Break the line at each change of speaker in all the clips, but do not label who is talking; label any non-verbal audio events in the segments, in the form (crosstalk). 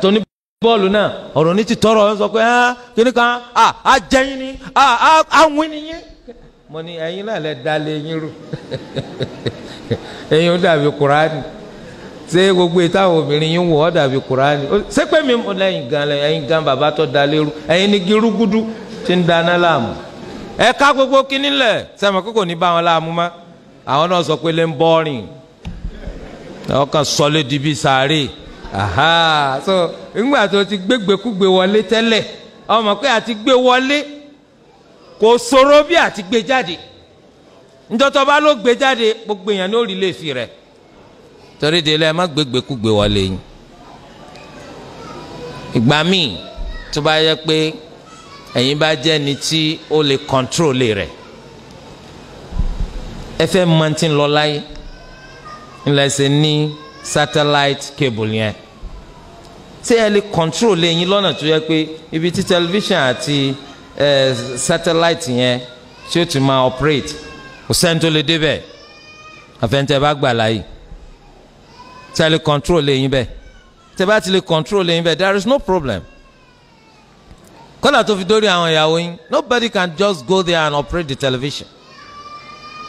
tó ní bọ́ọ̀lù náà ọ̀rọ̀ ní ti tọrọ ọ̀ sọ pé ẹ́ ah, kíní kan á ah, jẹ́yìn ni á ah, wín ni yín. mo ní ẹ̀yin náà lẹ da lé yín rú (laughs) ẹ̀yin ó dàbí kuraani ṣé gbogbo ìtàwọn obìnrin yín wò ó dàbí kuraani ṣé pé mi mo lẹ́yìn gan ẹ̀yin gan bàbá tó da lé rú ẹ̀yin ni girugudu ti ń dáná láàmú ẹ ká gbogbo kíní lẹ̀ sẹ́mi kókò ní bá wọn láàmú má àwọn náà sọ pé lè ń bọ́ọ̀rìn ọkàn sọlé di aha so ńgbà tó ti gbégbékúgbé wọlé tẹ́lẹ̀ ọmọ pé àti gbé wọlé kò ṣòro bí àti gbé jáde njọ́tọ̀ bá ló gbé jáde gbogbo èèyàn ní ó rí léèfì rẹ̀ torí délé ẹ má gbégbékúgbé wọlé yín ìgbà míì tó bá yẹ pé ẹ̀yin bá jẹ́ ni tí ó lè kọ́ńtrólé rẹ̀ ẹ fẹ́ mọ̀ tí ń lọ láyé ńlẹ̀ ní satellite cable yẹn ṣé ẹ lè control lẹ́yìn lọ́nà tó yẹ pé ibi tí television àti ẹ satellite yẹn tí ó ti máa operate kò sẹ́ni tó lè débẹ̀ àfẹnitẹ́ bá gbà láàyè ṣé ẹ lè control lẹ́yìn bẹ́ẹ̀ tẹ́ bá ti lè control lẹ́yìn bẹ́ẹ̀ there is no problem kọ́lá tó fi dórí àwọn ìyàwó yín nobody can just go there and operate the television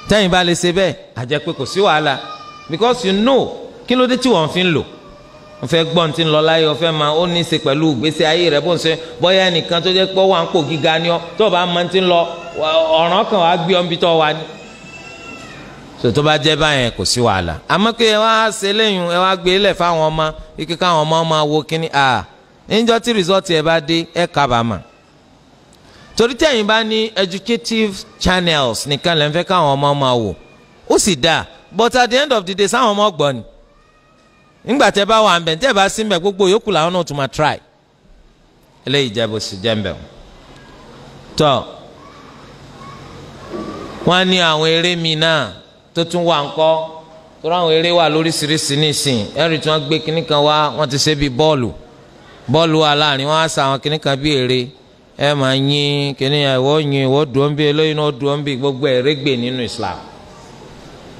tẹ́yìn bá lè ṣe bẹ́ẹ̀ àjẹpẹ́ kò sí wàhálà because you know kí ló dé tí wọ́n fi ń lò wọ́n fẹ́ gbọ́n ti ń lọ láyé wọ́n fẹ́ máa ó ní í ṣe pẹ̀lú ìgbésí ayé rẹ̀ bó ń ṣe bọ́yá ẹnìkan tó jẹ́ pé wà ń pò gíga ni ọ́ tó bá máa ti ń lọ ọ̀ràn kan wàá gbé ọ́n bí tó wà ní. so tó bá jẹ́ báyẹn kò sí wàhálà àmọ́ pé ẹ wá ṣe lẹ́yìn ẹ wá gbé lẹ̀ fáwọn ọmọ ike káwọn ọmọ máa wo kínní à níjọ́ tí rìsọ́ọ̀tì ẹ bá dé ẹ kábàámà torí tẹ̀yìn bá ní educative channels nìkan lẹ́ ń fẹ́ káwọn ọmọ máa wò ó sì dáa but at the end of the day sáwọn ọmọ gbọ́ ni ńgbà tẹ bá wà ń bẹ̀ tẹ bá sí ń gbogbo yòókù làwọn náà tún máa try eléyìí jẹ́ bó sì jẹ́ ń bẹ̀ tọ́ wọ́n ní àwọn eré mi náà tó tún wà ńkọ́ tọ́ra àwọn eré wà lóríṣiríṣi nísìn ẹ̀rì tí wọ́n gbé kinní kan wá wọ́n ti ṣe bí bọ́ọ̀lù bọ́ọ̀lù wà láàrin wọ́n á sa àwọn kinní kan bí èrè ẹ̀ máa yín kinní ìwọ́ yín ìwọ́ dùn ọ́n bí eléyìí náà dùn ọ́n bí gbogbo ẹ̀ rẹ́gbẹ̀ nínú Islam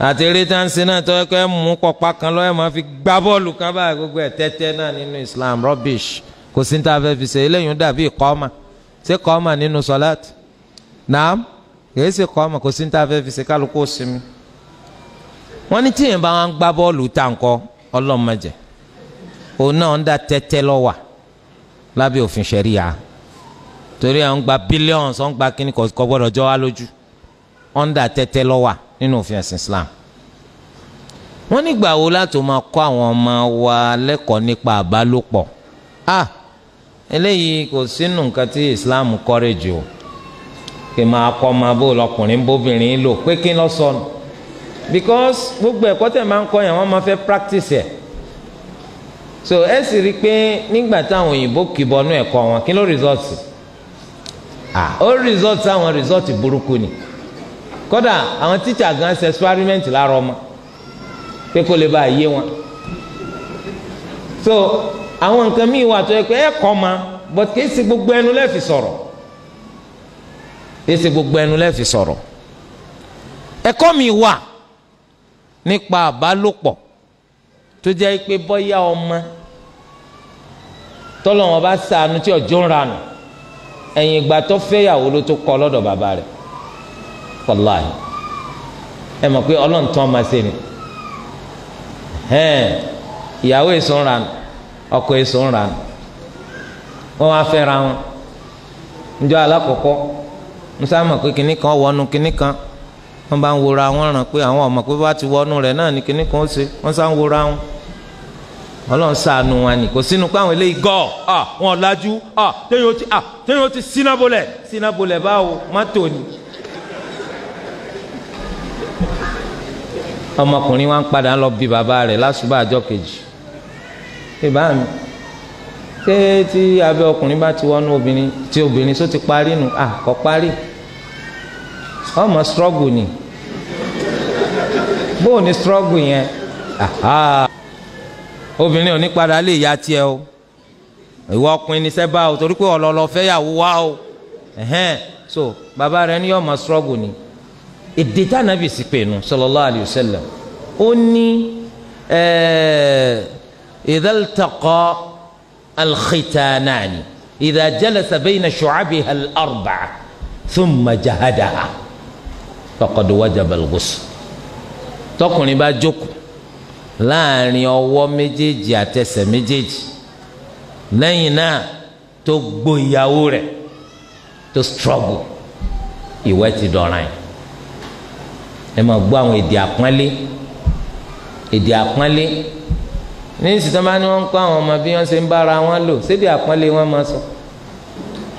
àti eré tá à ń sin náà tó ẹkọ ẹ mú pọpá kan lọ máa fi gbá bọ́ọ̀lù báyìí gbogbo tẹ́tẹ́ náà nínú Islam rubbish kò sí níta fẹ́ fi ṣe eléyìí dàbí kọ́ọ̀mà ṣé kọ́ọ̀mà nínú kìí ṣe kọ́ọ̀mà kò sí níta fẹ́ fi ṣe kálukú wọ́n ní tíyẹn bá wọn gbá bọ́ọ̀lù ọlọ́mọdé òun náà ń da nínú òfin ẹ̀sìn Islam wọ́n nígbà wo láti máa kọ́ àwọn ọmọ wa lẹ́kọ̀ọ́ nípa àbálòpọ̀ ah eléyìí kò sínú nǹkan tí Islam kọ́rẹ́jì o kì máa kọ́ ọmọ bó lọkùnrin bóbìnrin lò pé kí lọ sọnù because gbogbo ẹ̀kọ́ tẹ̀ máa ń kọ́ yẹn wọ́n máa fẹ́ practice ẹ̀ so ẹ sì rí i pé nígbà táwọn òyìnbó kìbọnú ẹ̀kọ́ wọn kí ló result ah ó result àwọn result burúkú ni kódà àwọn tíṣà gan ṣe experiment lára ọmọ pé kó lè bá yé wọn so àwọn nǹkan míì wà tó yẹ pé ẹ kọ́ ma but kì í ṣe gbogbo ẹnu lẹ́ẹ̀fi sọ̀rọ̀ kì í ṣe gbogbo ẹnu lẹ́ẹ̀fi sọ̀rọ̀ ẹ̀kọ́ mi wà nípa àbálòpọ̀ tó jẹ́ pé bọ́yá ọmọ tọ́lọ́wọ́n bá ṣàánú tí ọjọ́ ń ranù ẹ̀yìn ìgbà tó fẹ́yàwó ló tó kọ́ lọ́dọ̀ bàbá rẹ̀ wàláì ẹ mọ̀ pé ọlọ́run tán máa ṣe ni ìyàwó èso ọkọ wọn wọn njọ́ alákọ̀ọ́kọ́ musa mọ̀ pé kinní kan wọnú kinní kan wọ́n bá ń wora wọn ràn pé àwọn ọmọ pé ti wọnú rẹ náà ni kinní kan ó ṣe sá ń ọ wọn ọ ó ti sínábólẹ̀ sínábólẹ̀ ọmọkùnrin wa ń padà lọ bí bàbá rẹ̀ lásùbà àjọ kejì ìbá mi ṣé tí abẹ́ ọkùnrin bá ti wọnú obìnrin tí obìnrin tó ti parí nù à kọ́ parí ọmọ strọ́gù ni bó ní strọ́gù yẹn obìnrin ò ní padà lè ya tiẹ̀ o ìwọ ọkùnrin ní sẹ́bà o torí pé ọ̀lọ́lọ́ fẹ́ yàwó wá o so bàbá rẹ̀ ní ọmọ strọ́gù ni èdè tá nàbì sí pé nu sallallahu alayhi wa sallam ó ní idha iltaqa al-khitanani idha jalasa bayna shu'abiha al-arba'a thumma jahadaha faqad wajaba al-ghusl tọkùnrin bá jókòó láàrin ọwọ́ méjèèjì àtẹsẹ̀ méjèèjì lẹ́yìn náà tó gbó rẹ̀ tó struggle ìwẹ̀ ti dọ̀ràn yìí ẹ máa gbọ́ àwọn èdè àpọ́nlé èdè àpọ́nlé ní ìsìtò máa ní wọ́n ń kọ́ àwọn ọmọ bí wọ́n ṣe ń bára wọn lò sédè àpọ́nlé wọn máa sọ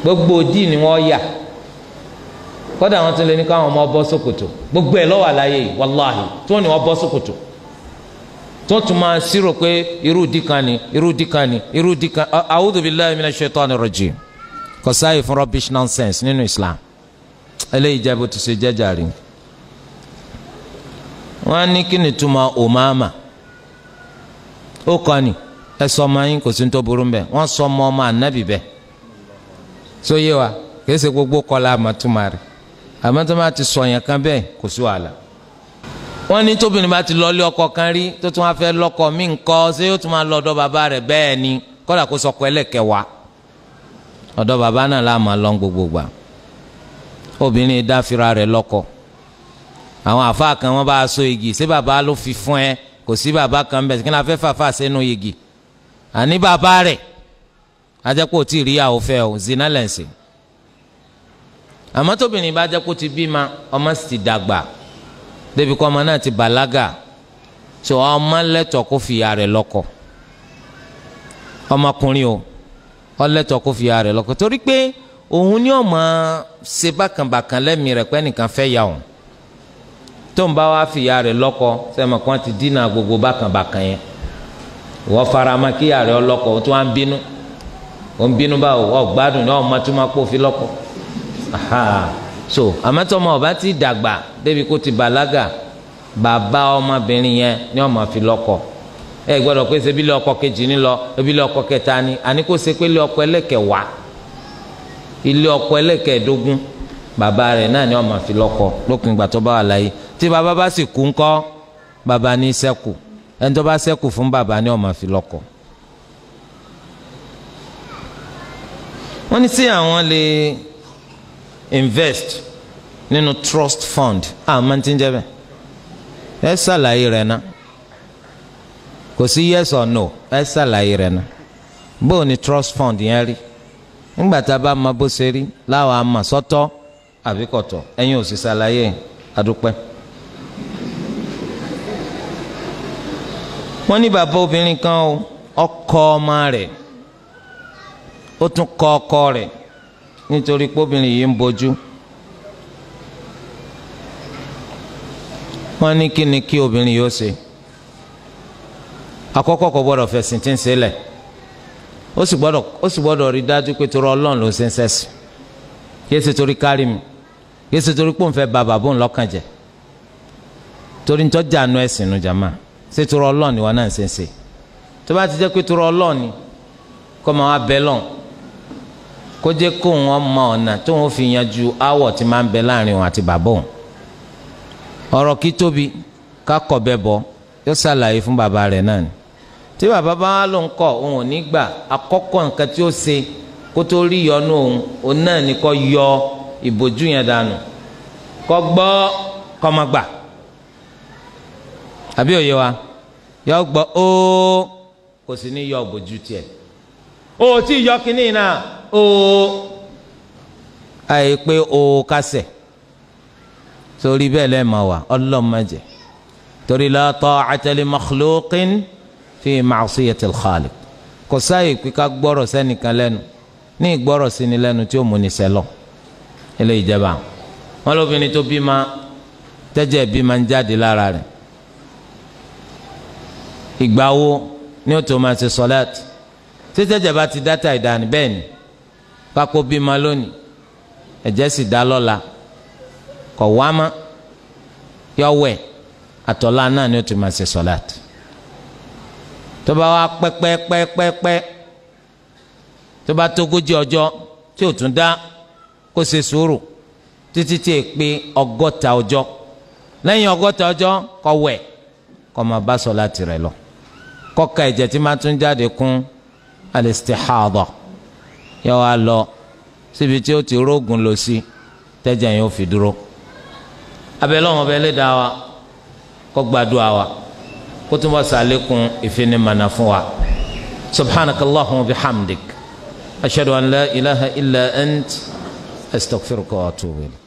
gbogbo díì ni wọ́n yà kódà wọn tún lè ní káwọn ọmọ bọ́ sókòtò gbogbo ẹ̀ lọ́wọ́ àlàyé yìí wàláhì tó ní wọ́n bọ́ sókòtò tó tún máa sírò pé irú dìkan ni irú dìkan ni irú dìkan a'udhu billahi minash shaitani nonsense nínú Islam eléyìí jẹ́ bó ti ṣe jẹ́jà wọ́n á ní kí ni túmọ̀ òmáàmà ó kọ́ ni ẹ sọ ọmọ yín kò sí tó burú bẹ́ẹ̀ wọ́n sọ ọmọ ọmọ ànábì bẹ́ẹ̀ so yé wa kìí ṣe gbogbo kọ́lá àmọ́túmọ̀ rẹ̀ àmọ́túmọ̀ ti sọ yẹn kan bẹ́ẹ̀ kò sí wàhálà wọ́n ní tóbìnrin bá ti lọ́ọ́lé ọkọ kan rí tó tún wá fẹ́ lọ́kọ mí ńkọ́ ṣé yóò tún máa lọ ọ̀dọ̀ bàbá rẹ̀ bẹ́ẹ̀ ni kọ́dà kó sọkọ ẹlẹ́kẹ̀wàá ọ̀dọ̀ bàbá náà láàmú alọ́ gbogbo gbà obìnrin dáfira rẹ̀ lọ́kọ̀ọ́ àwọn àfa kan wọn bá so igi ṣé bàbá ló fi fún ẹ kò sí bàbá kan bẹ kí ni a fẹ́ fàfà sínú igi àní bàbá rẹ̀ ajẹ́ kó rí àwọn fẹ́ o zina lẹ́sìn àmọ́ tóbìnrin bá jẹ́ kó ti bímọ ọmọ sì ti dàgbà débi kọ́ ọmọ náà ti bàlágà tó ọmọ lẹ́tọ̀ọ́ kó fìyà rẹ̀ lọ́kọ ọmọkùnrin o ọlẹ́tọ̀ọ́ kó fìyà rẹ̀ lọ́kọ torí pé òun ni ọmọ ṣe bákànbàkàn lẹ́mìí rẹ̀ pé ẹnìkan fẹ́ yà òun tó ń bá wá fìyà rẹ̀ kan ti dínà gbogbo bákànbákàn yẹn wọ́n fara ma kíyà rẹ ọlọ́kọ tó wá ń bínú ó ń bínú báwo gbádùn ọmọ tó máa kó fi so ọba ti dàgbà débi kó ti bàlágà bàbá ọmọbìnrin yẹn ọmọ fi ẹ pé ọkọ kejì lọ ebi ọkọ kẹta ni àní kó ṣe pé ọkọ Baba rẹ̀ náà ni wọ́n máa fi lọ́kọ lópin ìgbà tó bá wà láyé tí baba bá sì kú ńkọ́ bàbá ní ṣẹ́kù ẹni tó bá ṣẹ́kù fún bàbá ni wọ́n máa fi lọ́kọ. wọ́n ní sí àwọn lè invest nínú trust fund àmọ́ ah, tí ń jẹ́ bẹ́ẹ̀ ẹ ṣàlàyé rẹ̀ náà kò sí yes or no ẹ ṣàlàyé rẹ̀ náà bóò ni trust fund yẹn rí nígbà tá a bá mọ bó ṣe rí láwọn àmọ́ sọ́tọ̀. So àbí kọ̀tọ̀ ẹ̀yin ò sì ṣàlàyé adúpẹ́. wọ́n ní bàbá obìnrin kan o ọkọ ọmọ rẹ̀ ó tún kọ ọkọ rẹ̀ nítorí pé yìí ń bojú. wọ́n ní kí ni kí obìnrin yóò ṣe àkọ́kọ́ kò gbọ́dọ̀ fẹ̀sìn tí ń sílẹ̀ ó sì gbọ́dọ̀ ó sì gbọ́dọ̀ rí dájú pé torí Ọlọ́run ló ṣe ń ṣẹ̀sìn kí ṣe torí kárí mi yéésù torí pò ń fẹ́ ba bàbá òun lọ́kàn jẹ́ torí nítorí jàánu ẹ̀sìn nu jàmá ṣé torọ ọlọ́ọ̀ni wọn náà ń ṣe ń ṣe tó bá ti jẹ́ pé torọ ọlọ́ọ̀ni kọ́ máa wá bẹ́ lọ́n kó jẹ́ kó wọn mọ ọ̀nà tó wọn fi yanjú áwọ̀ tí máa ń bẹ láàrin òun àti bàbá òun ọ̀rọ̀ kí tóbi ká bẹ́ bọ́ yóò ṣàlàyé fún bàbá rẹ̀ náà ni tí bàbá bá wà ló ń kọ òun ò ní gbà àkọ́kọ́ nǹkan tí ó ṣe kó tó rí yọnu òun òun náà ní kó yọ ọ́ ìbòjú yẹn dànù kọ́ gbọ́ kọ́ má gbà àbí òye wa yọ gbọ́ óó kò sì ní yọ ìbòjú tiẹ̀ ó tí yọ kínní náà óó àìpé óó kásẹ̀ torí bẹ́ẹ̀ lẹ́ẹ̀ máa wà ọlọ́mọdé torí la ta'ata li makhluqin fi ma'siyatil khaliq kò sáyè pé ká gbọ́rọ̀ sẹ́nìkan lẹ́nu ní ìgbọ́rọ̀ sí ni lẹ́nu tí ó mú ni sẹ́lọ̀ eléyìí jẹba wọn lóbìnrin tó bímọ tẹ́jẹ̀ bímọ ń jáde lára rẹ̀ ìgbà wo ni ó tó máa ṣe sọlẹ́t tí tẹ́jẹ̀ bá ti dáta ìdáni bẹ́ẹ̀ ni pákó bímọ lónìí ẹ̀jẹ̀ sì dá lọ́la kọ̀ wá mọ́ yọ wẹ̀ àtọ̀lá náà ni ó tó máa ṣe sọlẹ́t tó bá wá pẹ́pẹ́pẹ́pẹ́ tó bá tógójì ọjọ́ tí ò tún dá kó ṣe sùúrù títí tí è pé ọgọ́ta ọjọ́ lẹ́yìn ọgọ́ta ọjọ́ kó wẹ̀ kó máa bá sọ̀láàtì rẹ̀ lọ kó ka ẹ̀jẹ̀ tí máa tún jáde kún alistihada yóò wá lọ síbi tí ó ti rógùn lọ sí tẹ́jẹ̀ yẹn ó fi dúró abẹ́lẹ́ ọmọ lé da wa kó gbàdúrà wa kó tún bá sàlékún ìfinimànà fún wa subhanakallahumma bihamdik ashadu an la ilaha illa ant. أستغفرك وأتوب إليك